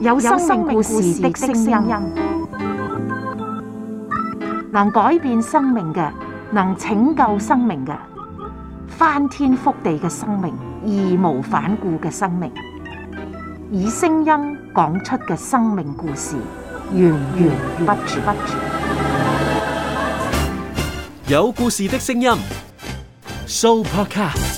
有生命故事的聲音，能改變生命嘅，能拯救生命嘅，翻天覆地嘅生命，義無反顧嘅生命，以聲音講出嘅生命故事，源源不絕。有故事的聲音，Supercast。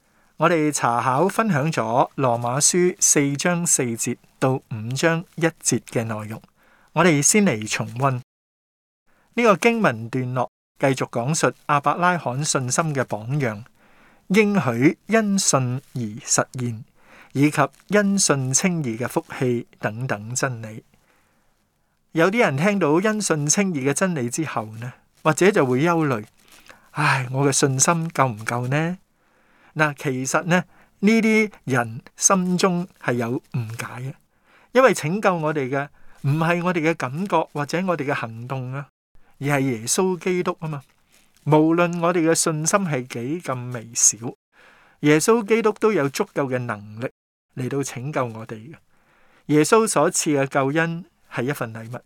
我哋查考分享咗羅馬書四章四節到五章一節嘅內容，我哋先嚟重溫呢、這個經文段落，繼續講述亞伯拉罕信心嘅榜樣，應許因信而實現，以及因信稱義嘅福氣等等真理。有啲人聽到因信稱義嘅真理之後呢，或者就會憂慮：「唉，我嘅信心夠唔夠呢？嗱，其實咧，呢啲人心中係有誤解嘅，因為拯救我哋嘅唔係我哋嘅感覺或者我哋嘅行動啊，而係耶穌基督吖嘛。無論我哋嘅信心係幾咁微小，耶穌基督都有足夠嘅能力嚟到拯救我哋嘅。耶穌所賜嘅救恩係一份禮物，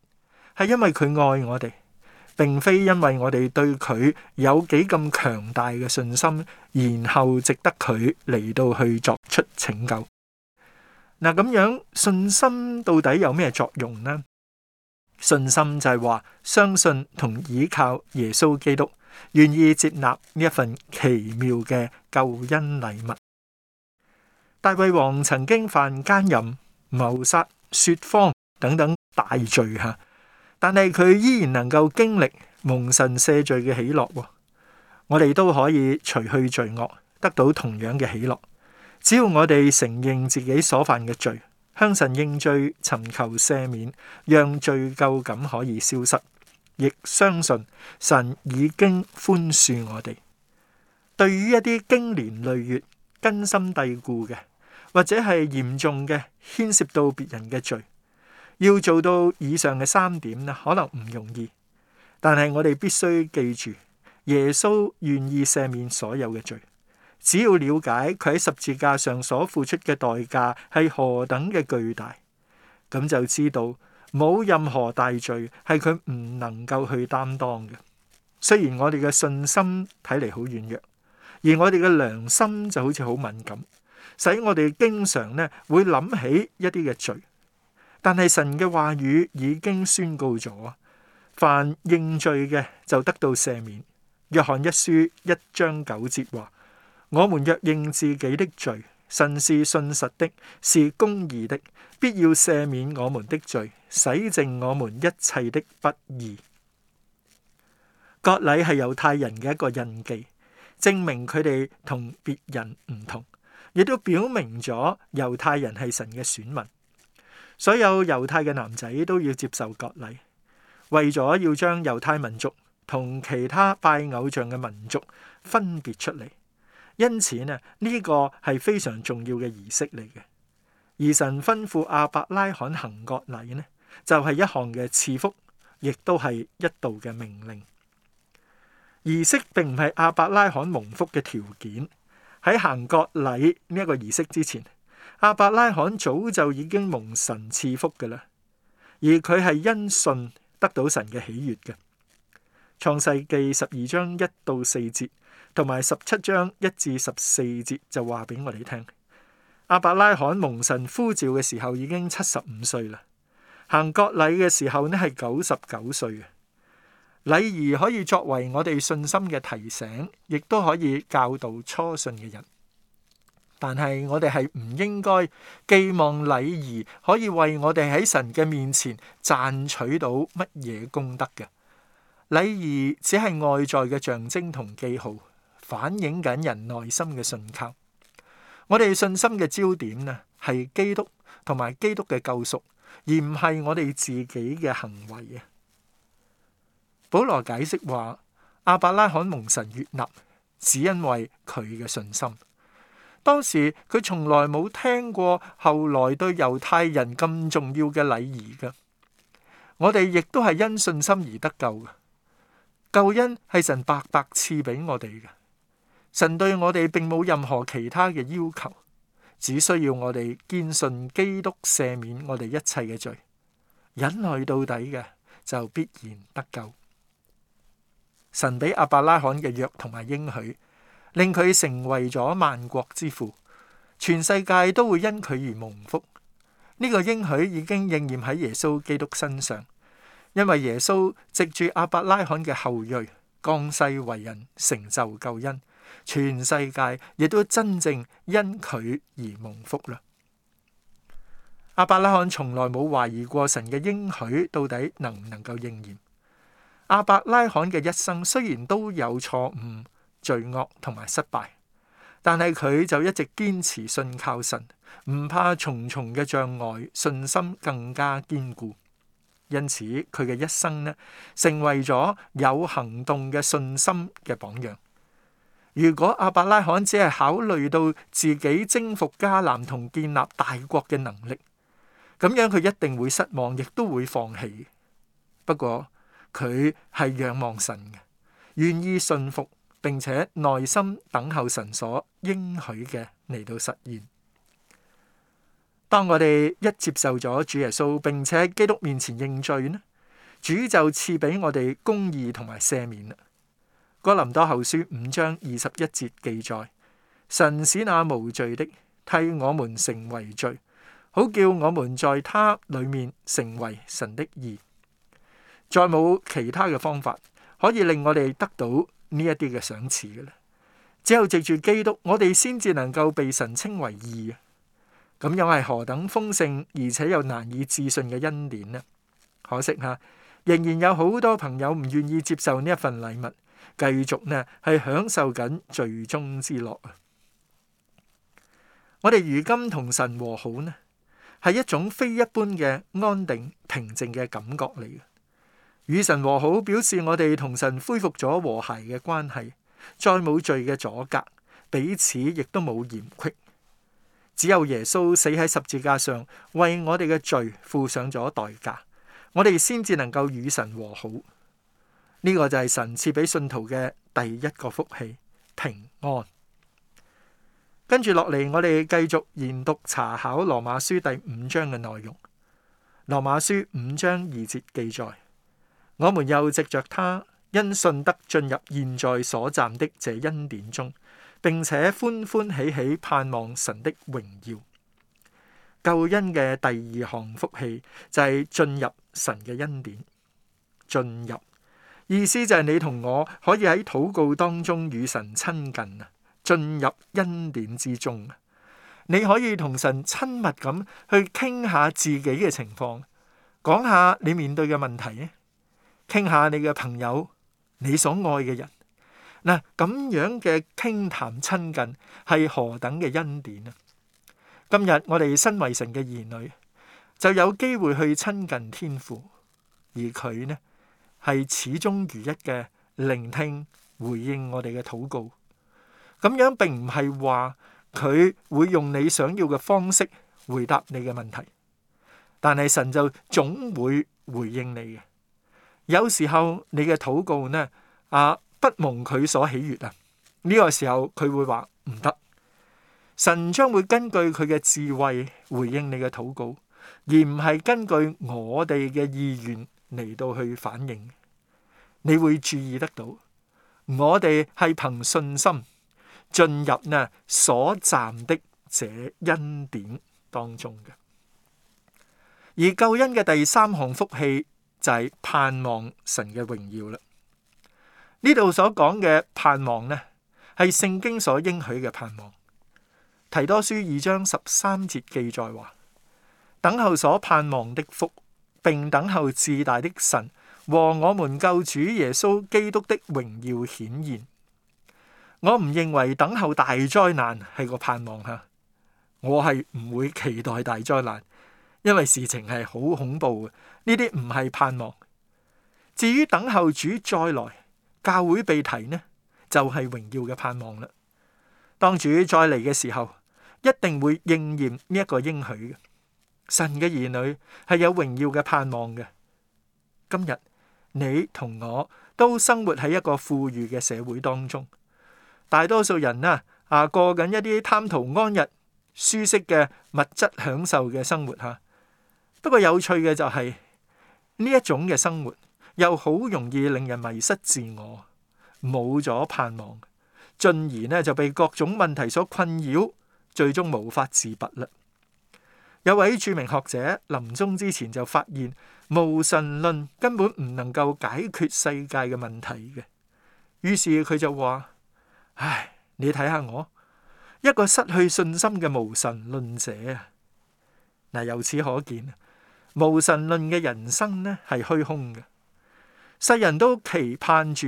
係因為佢愛我哋。並非因為我哋對佢有幾咁強大嘅信心，然後值得佢嚟到去作出拯救。嗱，咁樣信心到底有咩作用呢？信心就係話相信同依靠耶穌基督，願意接納呢一份奇妙嘅救恩禮物。大衛王曾經犯姦淫、謀殺、說謊等等大罪吓。但係佢依然能夠經歷蒙神赦罪嘅喜樂，我哋都可以除去罪惡，得到同樣嘅喜樂。只要我哋承認自己所犯嘅罪，向神認罪，尋求赦免，讓罪疚感可以消失，亦相信神已經寬恕我哋。對於一啲經年累月，根深蒂固嘅，或者係嚴重嘅牽涉到別人嘅罪。要做到以上嘅三點咧，可能唔容易，但係我哋必須記住，耶穌願意赦免所有嘅罪，只要了解佢喺十字架上所付出嘅代價係何等嘅巨大，咁就知道冇任何大罪係佢唔能夠去擔當嘅。雖然我哋嘅信心睇嚟好軟弱，而我哋嘅良心就好似好敏感，使我哋經常咧，會諗起一啲嘅罪。但係神嘅話語已經宣告咗，凡認罪嘅就得到赦免。約翰一書一章九節話：「我們若認自己的罪，神是信實的，是公義的，必要赦免我們的罪，洗淨我們一切的不義。」割禮係猶太人嘅一個印記，證明佢哋同別人唔同，亦都表明咗猶太人係神嘅選民。所有猶太嘅男仔都要接受割禮，為咗要將猶太民族同其他拜偶像嘅民族分別出嚟。因此呢，呢個係非常重要嘅儀式嚟嘅。而神吩咐亞伯拉罕行割禮呢，就係一項嘅賜福，亦都係一道嘅命令。儀式並唔係亞伯拉罕蒙福嘅條件。喺行割禮呢一個儀式之前，阿伯拉罕早就已經蒙神賜福嘅啦，而佢係因信得到神嘅喜悅嘅。創世記十二章一到四節，同埋十七章一至十四節就話俾我哋聽，阿伯拉罕蒙神呼召嘅時候已經七十五歲啦，行割禮嘅時候呢係九十九歲啊。禮儀可以作為我哋信心嘅提醒，亦都可以教導初信嘅人。但係我哋係唔應該寄望禮儀可以為我哋喺神嘅面前賺取到乜嘢功德嘅。禮儀只係外在嘅象徵同記號，反映緊人內心嘅信靠。我哋信心嘅焦點咧係基督同埋基督嘅救贖，而唔係我哋自己嘅行為啊。保羅解釋話，亞伯拉罕蒙神悅納，只因為佢嘅信心。當時佢從來冇聽過後來對猶太人咁重要嘅禮儀嘅。我哋亦都係因信心而得救嘅。救恩係神白白賜俾我哋嘅。神對我哋並冇任何其他嘅要求，只需要我哋堅信基督赦免我哋一切嘅罪，忍耐到底嘅就必然得救。神俾亞伯拉罕嘅約同埋應許。令佢成為咗萬國之父，全世界都會因佢而蒙福。呢個應許已經應驗喺耶穌基督身上，因為耶穌藉住亞伯拉罕嘅後裔降世為人，成就救恩。全世界亦都真正因佢而蒙福啦。亞伯拉罕從來冇懷疑過神嘅應許到底能唔能夠應驗。亞伯拉罕嘅一生雖然都有錯誤。罪惡同埋失敗，但係佢就一直堅持信靠神，唔怕重重嘅障礙，信心更加堅固。因此佢嘅一生呢，成為咗有行動嘅信心嘅榜樣。如果亞伯拉罕只係考慮到自己征服迦南同建立大國嘅能力，咁樣佢一定會失望，亦都會放棄。不過佢係仰望神嘅，願意信服。並且耐心等候神所應許嘅嚟到實現。當我哋一接受咗主耶穌，並且喺基督面前認罪呢，主就賜俾我哋公義同埋赦免。哥林多後書五章二十一節記載：神使那無罪的替我們成為罪，好叫我們在他裏面成為神的義。再冇其他嘅方法可以令我哋得到。呢一啲嘅賞賜嘅咧，只有藉住基督，我哋先至能夠被神稱為義啊！咁又係何等豐盛，而且又難以置信嘅恩典呢？可惜吓，仍然有好多朋友唔願意接受呢一份禮物，繼續呢係享受緊罪中之樂啊！我哋如今同神和好呢，係一種非一般嘅安定平靜嘅感覺嚟嘅。與神和好，表示我哋同神恢復咗和諧嘅關係，再冇罪嘅阻隔，彼此亦都冇嫌隙。只有耶穌死喺十字架上，為我哋嘅罪付上咗代價，我哋先至能夠與神和好。呢個就係神賜俾信徒嘅第一個福氣——平安。跟住落嚟，我哋繼續研讀查考羅馬書第五章嘅內容。羅馬書五章二節記載。我們又藉着他，因信得進入現在所站的這恩典中，並且歡歡喜喜盼望神的榮耀。救恩嘅第二項福氣就係進入神嘅恩典。進入意思就係你同我可以喺禱告當中與神親近啊，進入恩典之中。你可以同神親密咁去傾下自己嘅情況，講下你面對嘅問題。傾下你嘅朋友，你所愛嘅人，嗱咁樣嘅傾談親近，係何等嘅恩典啊！今日我哋身為神嘅兒女，就有機會去親近天父，而佢呢，係始終如一嘅聆聽、回應我哋嘅禱告。咁樣並唔係話佢會用你想要嘅方式回答你嘅問題，但係神就總會回應你嘅。有時候你嘅禱告呢，啊，不蒙佢所喜悅啊。呢個時候佢會話唔得，神將會根據佢嘅智慧回應你嘅禱告，而唔係根據我哋嘅意願嚟到去反應。你會注意得到，我哋係憑信心進入呢所站的這恩典當中嘅，而救恩嘅第三項福氣。就係盼望神嘅榮耀啦。呢度所講嘅盼望呢，係聖經所應許嘅盼望。提多書二章十三節記載話：等候所盼望的福，並等候至大的神和我們救主耶穌基督的榮耀顯現。我唔認為等候大災難係個盼望吓，我係唔會期待大災難。因為事情係好恐怖嘅，呢啲唔係盼望。至於等候主再來，教會被提呢，就係榮耀嘅盼望啦。當主再嚟嘅時候，一定會應驗呢一個應許嘅。神嘅兒女係有榮耀嘅盼望嘅。今日你同我都生活喺一個富裕嘅社會當中，大多數人啊啊過緊一啲貪圖安逸、舒適嘅物質享受嘅生活吓。不過有趣嘅就係，呢一種嘅生活，又好容易令人迷失自我，冇咗盼望，進而咧就被各種問題所困擾，最終無法自拔啦。有位著名學者臨終之前就發現無神論根本唔能夠解決世界嘅問題嘅，於是佢就話：唉，你睇下我一個失去信心嘅無神論者啊！嗱，由此可見。無神論嘅人生呢係虛空嘅，世人都期盼住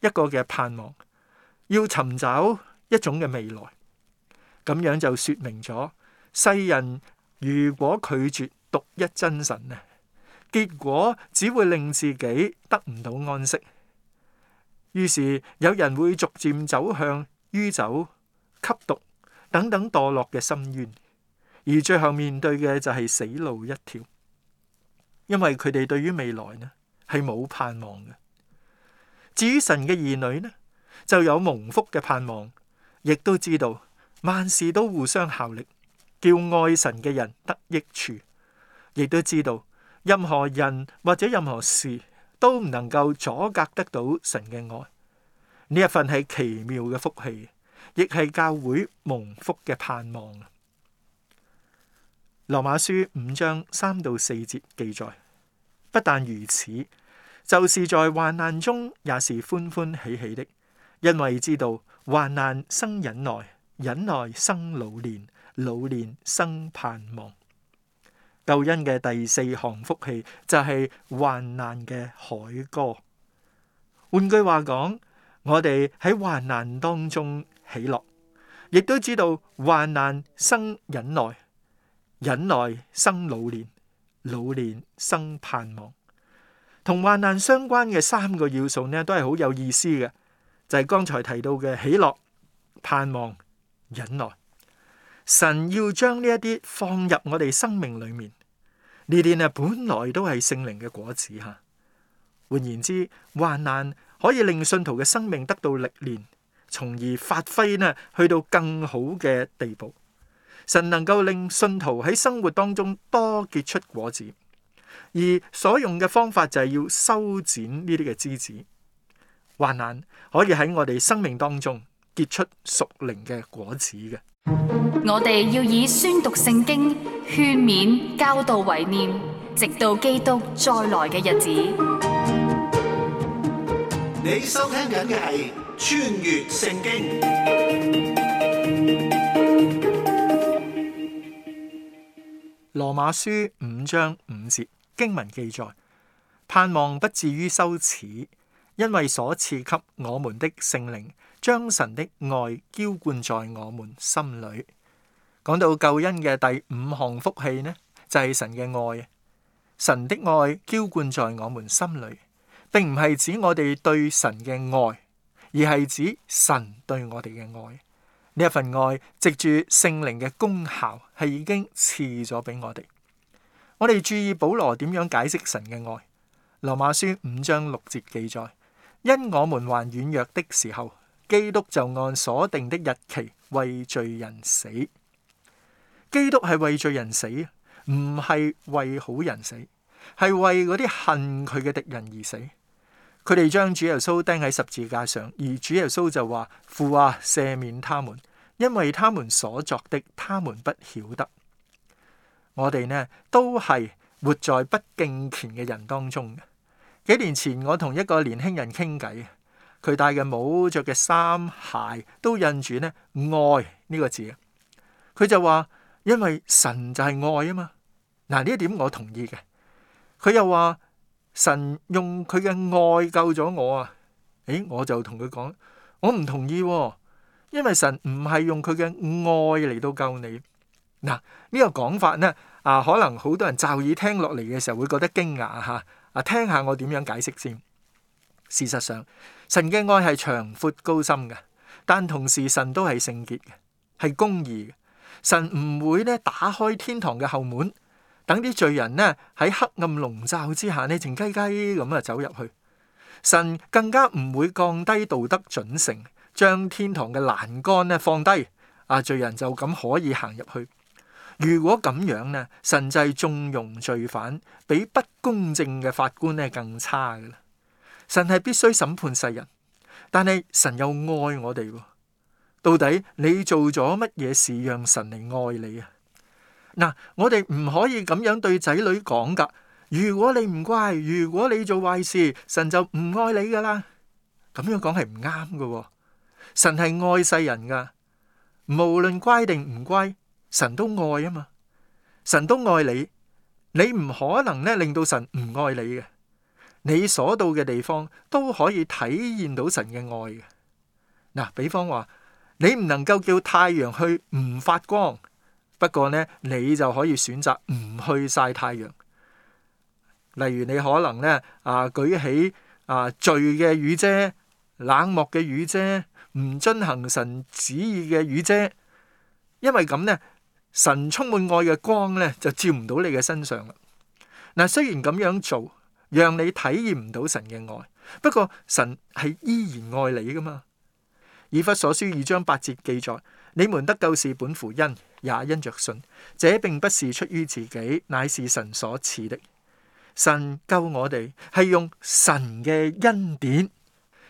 一個嘅盼望，要尋找一種嘅未來，咁樣就說明咗，世人如果拒絕獨一真神呢，結果只會令自己得唔到安息。於是有人會逐漸走向酗酒、吸毒等等墮落嘅深淵，而最後面對嘅就係死路一條。因為佢哋對於未來呢係冇盼望嘅，至於神嘅兒女呢就有蒙福嘅盼望，亦都知道萬事都互相效力，叫愛神嘅人得益處，亦都知道任何人或者任何事都唔能夠阻隔得到神嘅愛。呢一份係奇妙嘅福氣，亦係教會蒙福嘅盼望。羅馬書五章三到四節記載，不但如此，就是在患難中也是歡歡喜喜的，因為知道患難生忍耐，忍耐生老練，老練生盼望。救恩嘅第四項福氣就係患難嘅海歌。換句話講，我哋喺患難當中起落，亦都知道患難生忍耐。忍耐生老練，老練生盼望，同患難相關嘅三個要素咧，都係好有意思嘅，就係、是、剛才提到嘅喜樂、盼望、忍耐。神要將呢一啲放入我哋生命裏面，呢啲啊本來都係聖靈嘅果子吓。換言之，患難可以令信徒嘅生命得到歷練，從而發揮咧去到更好嘅地步。神能夠令信徒喺生活當中多結出果子，而所用嘅方法就係要修剪呢啲嘅枝子，患難可以喺我哋生命當中結出屬靈嘅果子嘅。我哋要以宣讀聖經、勸勉、教導為念，直到基督再來嘅日子。你收聽緊嘅係穿越聖經。羅馬書五章五節經文記載：盼望不至於羞恥，因為所賜給我們的聖靈將神的愛澆灌在我們心裡。講到救恩嘅第五項福氣呢，就係、是、神嘅愛。神的愛澆灌在我們心裡，並唔係指我哋對神嘅愛，而係指神對我哋嘅愛。呢一份愛藉住聖靈嘅功效係已經賜咗俾我哋。我哋注意保羅點樣解釋神嘅愛，《羅馬書》五章六節記載：因我們還軟弱的時候，基督就按所定的日期為罪人死。基督係為罪人死，唔係為好人死，係為嗰啲恨佢嘅敵人而死。佢哋將主耶穌釘喺十字架上，而主耶穌就話：父啊，赦免他們。因為他們所作的，他們不曉得。我哋呢都係活在不敬虔嘅人當中嘅。幾年前我同一個年輕人傾偈，佢戴嘅帽、着嘅衫、鞋都印住呢愛呢個字。佢就話：因為神就係愛啊嘛。嗱呢一點我同意嘅。佢又話：神用佢嘅愛救咗我啊。誒，我就同佢講：我唔同意。因為神唔係用佢嘅愛嚟，到救你，嗱呢個講法呢啊，可能好多人驟耳聽落嚟嘅時候會覺得驚訝吓，啊，啊聽下我點樣解釋先。事實上，神嘅愛係長闊高深嘅，但同時神都係聖潔嘅，係公義嘅。神唔會咧打開天堂嘅後門，等啲罪人咧喺黑暗籠罩之下咧靜雞雞咁啊走入去。神更加唔會降低道德準繩。將天堂嘅欄杆咧放低，啊罪人就咁可以行入去。如果咁樣咧，神就係縱容罪犯，比不公正嘅法官咧更差噶啦。神係必須審判世人，但係神又愛我哋。到底你做咗乜嘢事讓神嚟愛你啊？嗱，我哋唔可以咁樣對仔女講噶。如果你唔乖，如果你做壞事，神就唔愛你噶啦。咁樣講係唔啱噶。神係愛世人噶，無論乖定唔乖，神都愛啊嘛。神都愛你，你唔可能咧令到神唔愛你嘅。你所到嘅地方都可以體現到神嘅愛嘅。嗱，比方話你唔能夠叫太陽去唔發光，不過咧你就可以選擇唔去曬太陽。例如你可能咧啊舉起啊罪嘅雨遮。冷漠嘅雨姐，唔遵行神旨意嘅雨姐，因為咁呢，神充滿愛嘅光呢，就照唔到你嘅身上啦。嗱，雖然咁樣做，讓你體驗唔到神嘅愛，不過神係依然愛你噶嘛。以弗所書二章八節記載：你們得救是本乎恩，也因着信。這並不是出於自己，乃是神所賜的。神救我哋係用神嘅恩典。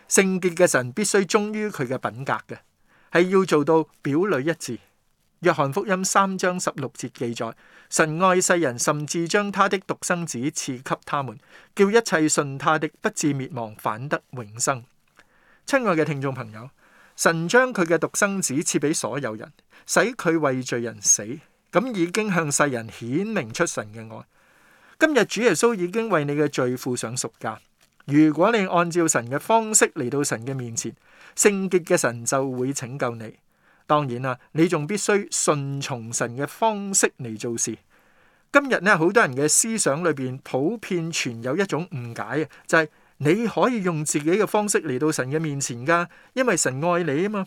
聖潔嘅神必須忠於佢嘅品格嘅，係要做到表裏一致。約翰福音三章十六節記載：神愛世人，甚至將他的獨生子賜給他們，叫一切信他的不至滅亡，反得永生。親愛嘅聽眾朋友，神將佢嘅獨生子賜俾所有人，使佢為罪人死，咁已經向世人顯明出神嘅愛。今日主耶穌已經為你嘅罪負上贖價。如果你按照神嘅方式嚟到神嘅面前，聖潔嘅神就會拯救你。當然啦，你仲必須順從神嘅方式嚟做事。今日咧，好多人嘅思想裏邊普遍存有一種誤解啊，就係你可以用自己嘅方式嚟到神嘅面前噶，因為神愛你啊嘛。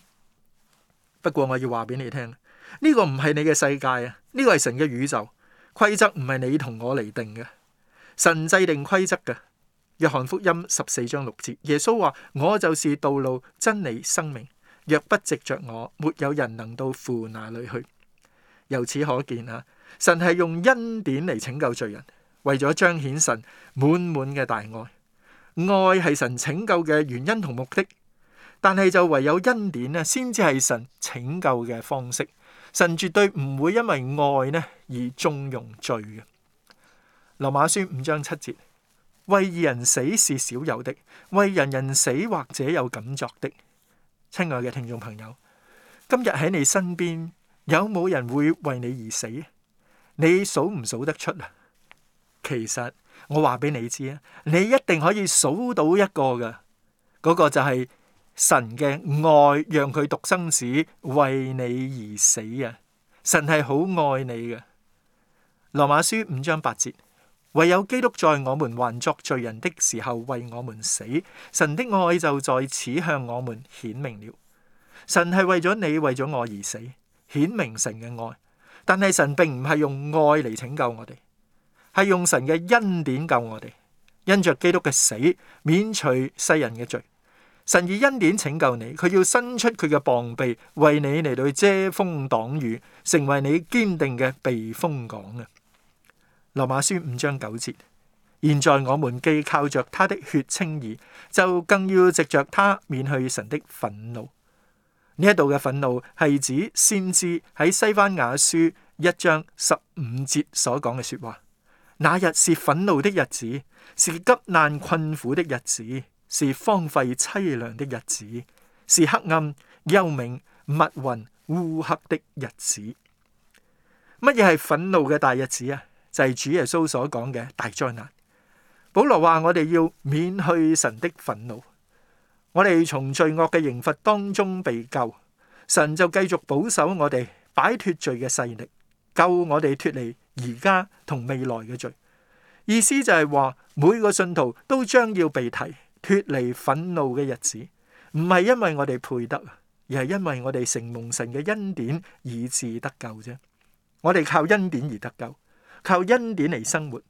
不過我要話俾你聽，呢個唔係你嘅世界啊，呢個係神嘅宇宙，規則唔係你同我嚟定嘅，神制定規則嘅。約翰福音十四章六節，耶穌話：我就是道路、真理、生命。若不藉着我，沒有人能到父那裏去。由此可見啊，神係用恩典嚟拯救罪人，為咗彰顯神滿滿嘅大愛。愛係神拯救嘅原因同目的，但係就唯有恩典咧，先至係神拯救嘅方式。神絕對唔會因為愛咧而縱容罪嘅。羅馬書五章七節。為人死是少有的，為人人死或者有敢作的。親愛嘅聽眾朋友，今日喺你身邊有冇人會為你而死？你數唔數得出啊？其實我話俾你知啊，你一定可以數到一個嘅，嗰個就係神嘅愛，讓佢獨生子為你而死啊！神係好愛你嘅，《羅馬書》五章八節。唯有基督在我們還作罪人的時候，為我們死，神的愛就在此向我們顯明了。神係為咗你，為咗我而死，顯明神嘅愛。但係神並唔係用愛嚟拯救我哋，係用神嘅恩典救我哋。因着基督嘅死，免除世人嘅罪。神以恩典拯救你，佢要伸出佢嘅膀臂，為你嚟到遮風擋雨，成為你堅定嘅避風港啊！羅馬書五章九節現在我們既靠着他的血稱義，就更要藉着他免去神的憤怒。呢一度嘅憤怒係指先知喺西番雅書一章十五節所講嘅說話。那日是憤怒的日子，是急難困苦的日子，是荒廢淒涼的日子，是黑暗幽冥密雲烏黑的日子。乜嘢係憤怒嘅大日子啊？就係主耶穌所講嘅大災難。保羅話：我哋要免去神的憤怒，我哋從罪惡嘅刑罰當中被救，神就繼續保守我哋，擺脫罪嘅勢力，救我哋脫離而家同未來嘅罪。意思就係話每個信徒都將要被提，脫離憤怒嘅日子，唔係因為我哋配得，而係因為我哋承蒙神嘅恩典以致得救啫。我哋靠恩典而得救。靠恩典嚟生活，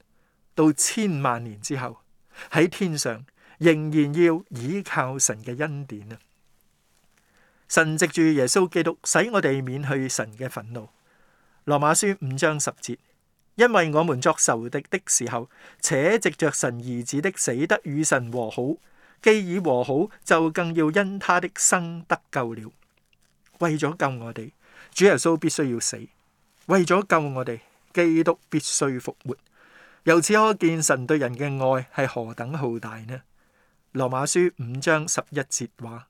到千萬年之後，喺天上仍然要倚靠神嘅恩典啊！神藉住耶穌基督使我哋免去神嘅憤怒。羅馬書五章十節：因為我們作仇敵的時候，且藉着神兒子的死得與神和好；既已和好，就更要因他的生得救了。為咗救我哋，主耶穌必須要死。為咗救我哋。基督必須復活，由此可見神對人嘅愛係何等浩大呢？羅馬書五章十一節話：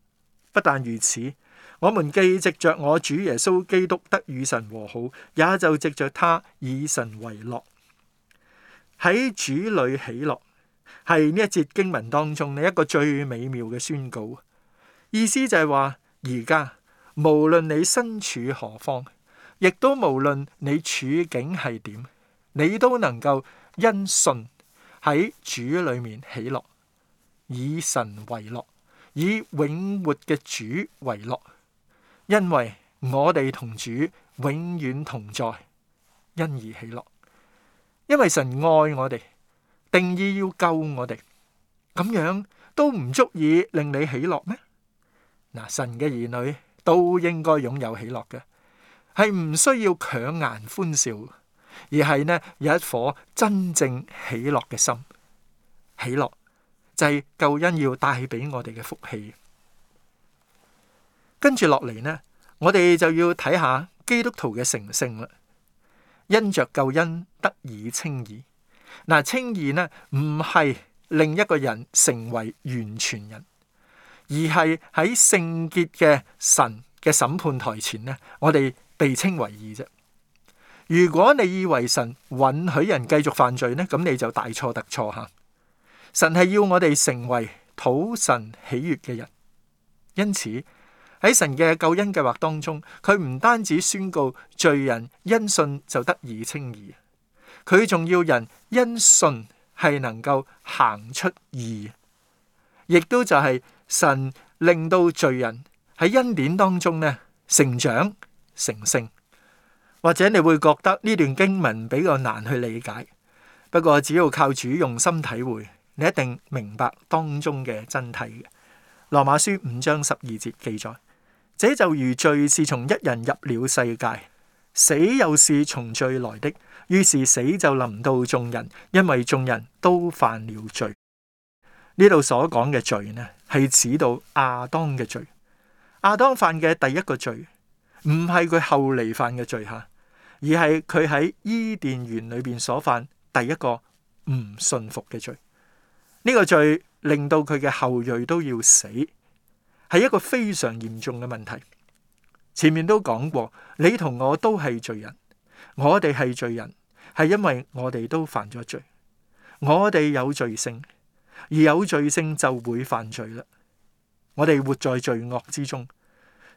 不但如此，我們既藉着我主耶穌基督得與神和好，也就藉着他以神為樂。喺主裡喜樂，係呢一節經文當中嘅一個最美妙嘅宣告。意思就係話，而家無論你身處何方。亦都無論你處境係點，你都能夠因信喺主裏面喜樂，以神為樂，以永活嘅主為樂，因為我哋同主永遠同在，因而喜樂。因為神愛我哋，定意要救我哋，咁樣都唔足以令你喜樂咩？嗱，神嘅兒女都應該擁有喜樂嘅。係唔需要強顏歡笑，而係咧有一顆真正喜樂嘅心。喜樂就係、是、救恩要帶俾我哋嘅福氣。跟住落嚟呢，我哋就要睇下基督徒嘅成聖啦。因着救恩得以稱義，嗱稱義咧唔係令一個人成為完全人，而係喺聖潔嘅神嘅審判台前呢，我哋。被稱為義啫。如果你以為神允許人繼續犯罪呢，咁你就大錯特錯吓。神係要我哋成為討神喜悅嘅人，因此喺神嘅救恩計劃當中，佢唔單止宣告罪人因信就得以稱義，佢仲要人因信係能夠行出義，亦都就係神令到罪人喺恩典當中呢成長。成聖，或者你會覺得呢段經文比較難去理解。不過只要靠主用心體會，你一定明白當中嘅真諦嘅。羅馬書五章十二節記載：這就如罪是從一人入了世界，死又是從罪來的，於是死就臨到眾人，因為眾人都犯了罪。呢度所講嘅罪呢，係指到亞當嘅罪，亞當犯嘅第一個罪。唔係佢後嚟犯嘅罪吓，而係佢喺伊甸園裏邊所犯第一個唔信服嘅罪。呢個罪令到佢嘅後裔都要死，係一個非常嚴重嘅問題。前面都講過，你同我都係罪人，我哋係罪人，係因為我哋都犯咗罪，我哋有罪性，而有罪性就會犯罪啦。我哋活在罪惡之中。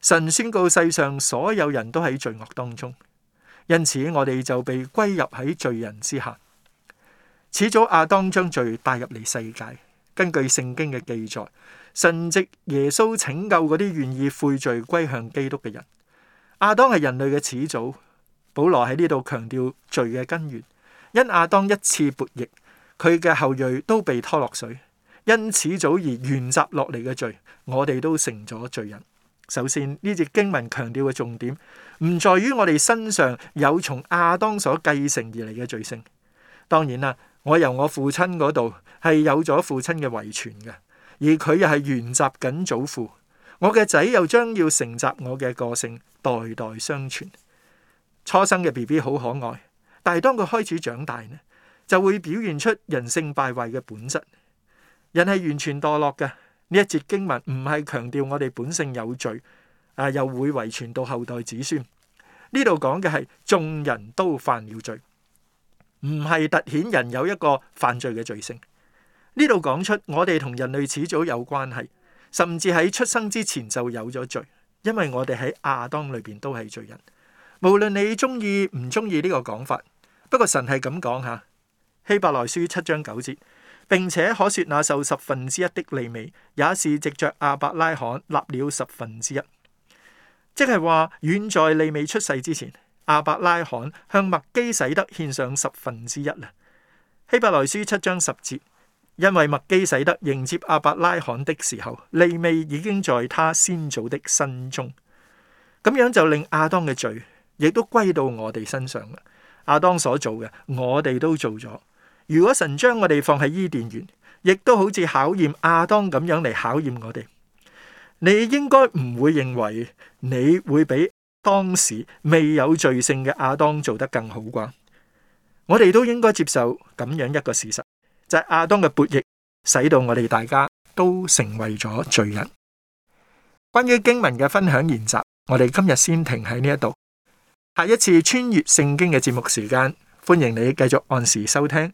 神宣告，世上所有人都喺罪惡當中，因此我哋就被歸入喺罪人之下。始祖亞當將罪帶入嚟世界。根據聖經嘅記載，神藉耶穌拯救嗰啲願意悔罪歸向基督嘅人。亞當係人類嘅始祖。保羅喺呢度強調罪嘅根源，因亞當一次叛逆，佢嘅後裔都被拖落水，因始祖而沿襲落嚟嘅罪，我哋都成咗罪人。首先呢節經文強調嘅重點，唔在於我哋身上有從亞當所繼承而嚟嘅罪性。當然啦，我由我父親嗰度係有咗父親嘅遺傳嘅，而佢又係沿襲緊祖父。我嘅仔又將要承襲我嘅個性，代代相傳。初生嘅 B B 好可愛，但係當佢開始長大呢，就會表現出人性敗壞嘅本質。人係完全墮落嘅。呢一節經文唔係強調我哋本性有罪，啊、呃、又會遺傳到後代子孫。呢度講嘅係眾人都犯了罪，唔係凸顯人有一個犯罪嘅罪性。呢度講出我哋同人類始祖有關係，甚至喺出生之前就有咗罪，因為我哋喺亞當裏邊都係罪人。無論你中意唔中意呢個講法，不過神係咁講吓。希伯來書七章九節。並且可說，那受十分之一的利未，也是藉着亞伯拉罕立了十分之一，即係話遠在利未出世之前，亞伯拉罕向麥基洗德獻上十分之一啦。希伯來書七章十節，因為麥基洗德迎接亞伯拉罕的時候，利未已經在他先祖的身中，咁樣就令亞當嘅罪，亦都歸到我哋身上啦。亞當所做嘅，我哋都做咗。如果神將我哋放喺伊甸園，亦都好似考驗亞當咁樣嚟考驗我哋，你應該唔會認為你會比當時未有罪性嘅亞當做得更好啩？我哋都應該接受咁樣一個事實，就係亞當嘅悖逆，使到我哋大家都成為咗罪人。關於經文嘅分享研習，我哋今日先停喺呢一度。下一次穿越聖經嘅節目時間，歡迎你繼續按時收聽。